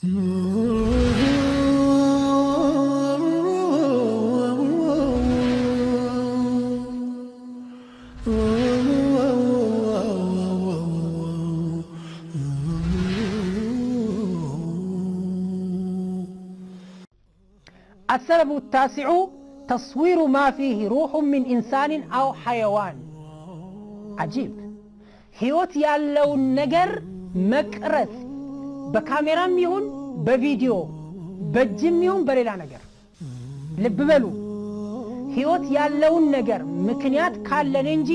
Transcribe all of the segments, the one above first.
السبب التاسع تصوير ما فيه روح من إنسان أو حيوان عجيب ሕይወት لو ነገር مكرث በካሜራም ይሁን በቪዲዮ በእጅም ይሁን በሌላ ነገር ልብ በሉ። ህይወት ያለውን ነገር ምክንያት ካለን እንጂ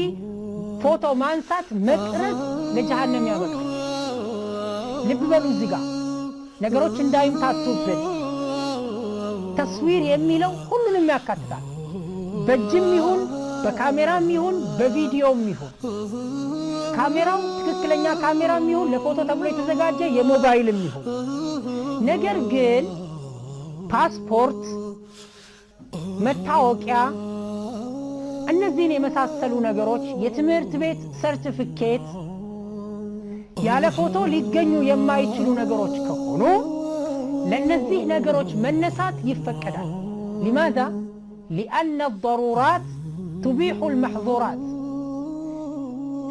ፎቶ ማንሳት መቅረጽ ለጀሃነም ያበቃል። ልብ በሉ እዚህ ጋር ነገሮች እንዳይምታቱብን ተስዊር የሚለው ሁሉንም ያካትታል በእጅም ይሁን በካሜራም ይሁን በቪዲዮም ይሁን ካሜራው ትክክለኛ ካሜራም ይሁን ለፎቶ ተብሎ የተዘጋጀ የሞባይልም ይሁን ነገር ግን ፓስፖርት፣ መታወቂያ እነዚህን የመሳሰሉ ነገሮች የትምህርት ቤት ሰርቲፊኬት ያለ ፎቶ ሊገኙ የማይችሉ ነገሮች ከሆኑ ለእነዚህ ነገሮች መነሳት ይፈቀዳል። ሊማዛ ሊአነ ضሩራት ቱቢሑል መሕዙራት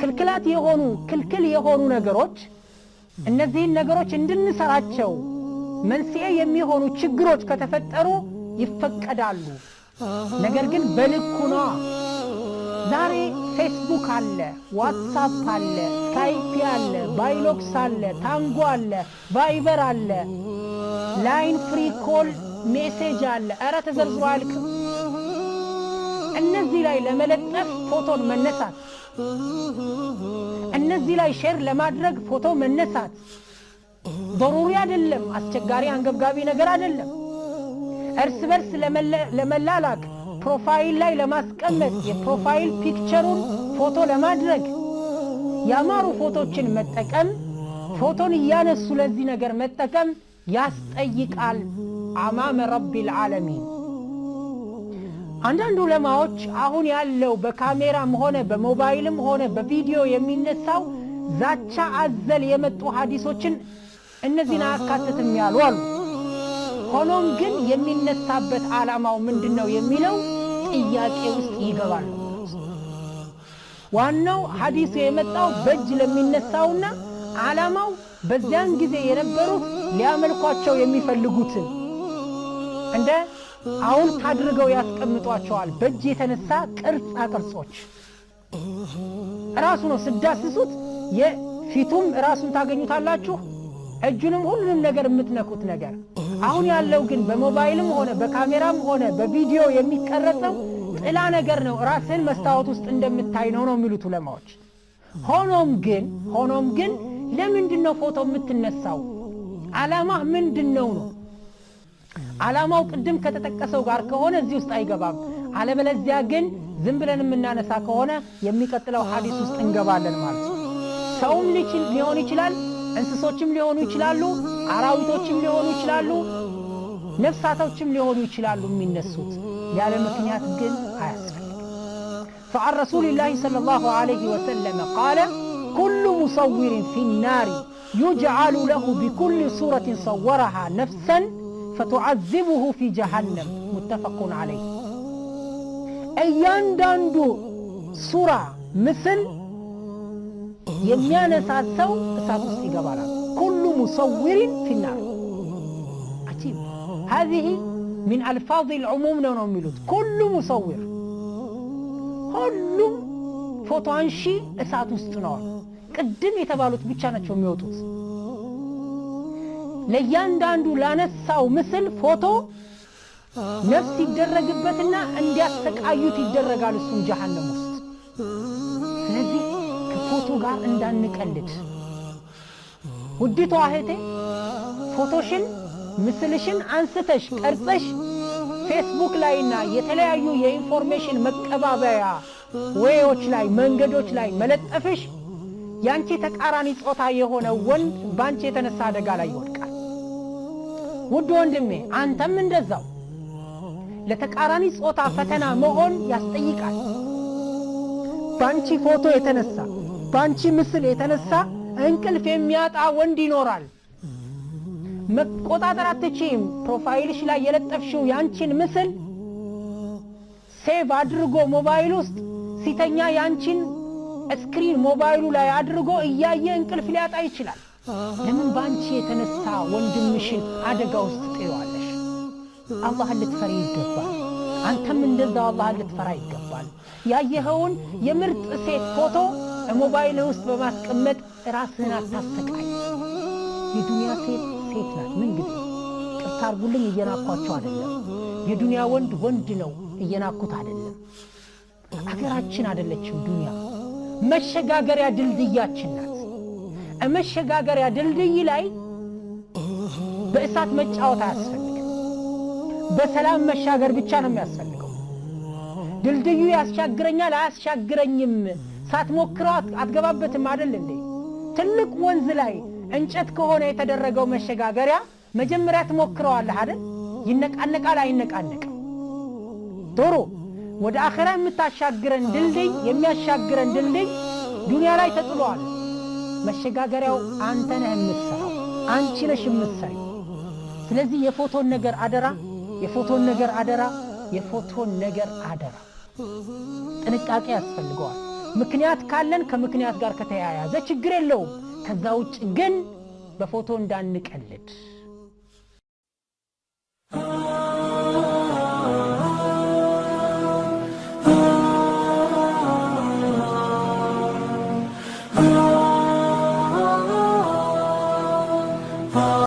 ክልክላት የሆኑ ክልክል የሆኑ ነገሮች እነዚህን ነገሮች እንድንሰራቸው መንስኤ የሚሆኑ ችግሮች ከተፈጠሩ ይፈቀዳሉ። ነገር ግን በልኩና ነዋ። ዛሬ ፌስቡክ አለ፣ ዋትሳፕ አለ፣ ስካይፕ አለ፣ ባይሎክስ አለ፣ ታንጎ አለ፣ ቫይበር አለ፣ ላይን ፍሪ ኮል ሜሴጅ አለ። ኧረ ተዘርዝሮ አያልቅም። እነዚህ ላይ ለመለጠፍ ፎቶን መነሳት፣ እነዚህ ላይ ሼር ለማድረግ ፎቶ መነሳት ضروري አይደለም፣ አስቸጋሪ አንገብጋቢ ነገር አይደለም። እርስ በርስ ለመላላክ ፕሮፋይል ላይ ለማስቀመጥ የፕሮፋይል ፒክቸሩን ፎቶ ለማድረግ ያማሩ ፎቶችን መጠቀም ፎቶን እያነሱ ለዚህ ነገር መጠቀም ያስጠይቃል። አማመ ረቢል ዓለሚን አንዳንድ ዑለማዎች አሁን ያለው በካሜራም ሆነ በሞባይልም ሆነ በቪዲዮ የሚነሳው ዛቻ አዘል የመጡ ሀዲሶችን እነዚህን አያካትትም ያሉ አሉ። ሆኖም ግን የሚነሳበት ዓላማው ምንድን ነው የሚለው ጥያቄ ውስጥ ይገባል። ዋናው ሀዲሱ የመጣው በእጅ ለሚነሳውና ዓላማው በዚያን ጊዜ የነበሩት ሊያመልኳቸው የሚፈልጉትን እንደ አውልት አድርገው ያስቀምጧቸዋል። በእጅ የተነሳ ቅርጻ ቅርጾች ራሱ ነው ስዳስሱት የፊቱም ራሱን ታገኙታላችሁ፣ እጁንም ሁሉንም ነገር የምትነኩት ነገር። አሁን ያለው ግን በሞባይልም ሆነ በካሜራም ሆነ በቪዲዮ የሚቀረጸው ጥላ ነገር ነው። ራስህን መስታወት ውስጥ እንደምታይ ነው ነው የሚሉት ዑለማዎች። ሆኖም ግን ሆኖም ግን ለምንድን ነው ፎቶ የምትነሳው? ዓላማ ምንድን ነው ነው ዓላማው ቅድም ከተጠቀሰው ጋር ከሆነ እዚህ ውስጥ አይገባም። አለበለዚያ ግን ዝም ብለን የምናነሳ ከሆነ የሚቀጥለው ሀዲስ ውስጥ እንገባለን ማለት ነው። ሰውም ሊሆን ይችላል፣ እንስሶችም ሊሆኑ ይችላሉ፣ አራዊቶችም ሊሆኑ ይችላሉ፣ ነፍሳቶችም ሊሆኑ ይችላሉ። የሚነሱት ያለ ምክንያት ግን አያስፈልግም። ፈአን ረሱልላህ ሰለላሁ ዐለይሂ ወሰለም ቃለ ኩሉ ሙሰዊሪን ፊናሪ ዩጅዓሉ ለሁ ቢኩል ሱረትን ሰወረሃ ነፍሰን ፈቱዓዚቡሁ ፊ ጀሃነም ሙተፈቁን አለይ። እያንዳንዱ ሱራ ምስል የሚያነሳት ሰው እሳት ውስጥ ይገባል። ኩሉ ሙሰዊሪን ፊናር አጂብ ሀዚህ ሚን አልፋዝ ልዕሙም ነው ነው የሚሉት ኩሉ ሙሰዊር ሁሉም ፎቶ አንሺ እሳት ውስጥ ነዋል። ቅድም የተባሉት ብቻ ናቸው የሚወጡት። ለእያንዳንዱ ላነሳው ምስል ፎቶ ነፍስ ይደረግበትና እንዲያሰቃዩት ይደረጋል። እሱም ጀሃነም ውስጥ። ስለዚህ ከፎቶ ጋር እንዳንቀልድ ውዲቷ እህቴ፣ ፎቶሽን ምስልሽን አንስተሽ ቀርጸሽ ፌስቡክ ላይና የተለያዩ የኢንፎርሜሽን መቀባበያ ወዎች ላይ መንገዶች ላይ መለጠፍሽ ያንቺ ተቃራኒ ጾታ የሆነ ወንድ በአንቺ የተነሳ አደጋ ላይ ይሆን ውድ ወንድሜ አንተም እንደዛው። ለተቃራኒ ጾታ ፈተና መሆን ያስጠይቃል። ባንቺ ፎቶ የተነሳ ባንቺ ምስል የተነሳ እንቅልፍ የሚያጣ ወንድ ይኖራል። መቆጣጠር ፕሮፋይልሽ ላይ የለጠፍሽው ያንቺን ምስል ሴቭ አድርጎ ሞባይል ውስጥ ሲተኛ ያንቺን ስክሪን ሞባይሉ ላይ አድርጎ እያየ እንቅልፍ ሊያጣ ይችላል። ለምን በአንቺ የተነሳ ወንድምሽን አደጋ ውስጥ ጥለዋለሽ? አላህን ልትፈሪ ይገባል። አንተም እንደዛው አላህን ልትፈራ ይገባል። ያየኸውን የምርጥ ሴት ፎቶ ሞባይል ውስጥ በማስቀመጥ ራስህን አታሰቃይ። የዱንያ ሴት ሴት ናት። ምን ጊዜ ቅርታ አርጉልኝ፣ እየናኳቸው አይደለም። የዱንያ ወንድ ወንድ ነው፣ እየናኩት አይደለም። አገራችን አይደለችም ዱንያ፣ መሸጋገሪያ ድልድያችን ናት። መሸጋገሪያ ድልድይ ላይ በእሳት መጫወት አያስፈልግም። በሰላም መሻገር ብቻ ነው የሚያስፈልገው። ድልድዩ ያስሻግረኛል አያስሻግረኝም ሳትሞክረው አትገባበትም አይደል እንዴ? ትልቅ ወንዝ ላይ እንጨት ከሆነ የተደረገው መሸጋገሪያ መጀመሪያ ትሞክረዋለህ አይደል? ይነቃነቃል አይነቃነቅም? ዶሮ ወደ አኸራ የምታሻግረን ድልድይ የሚያሻግረን ድልድይ ዱንያ ላይ ተጥሏል። መሸጋገሪያው አንተ ነህ የምትሰራው፣ አንቺ ነሽ የምትሰሪ። ስለዚህ የፎቶን ነገር አደራ፣ የፎቶን ነገር አደራ፣ የፎቶን ነገር አደራ። ጥንቃቄ ያስፈልገዋል። ምክንያት ካለን ከምክንያት ጋር ከተያያዘ ችግር የለውም። ከዛ ውጭ ግን በፎቶ እንዳንቀልድ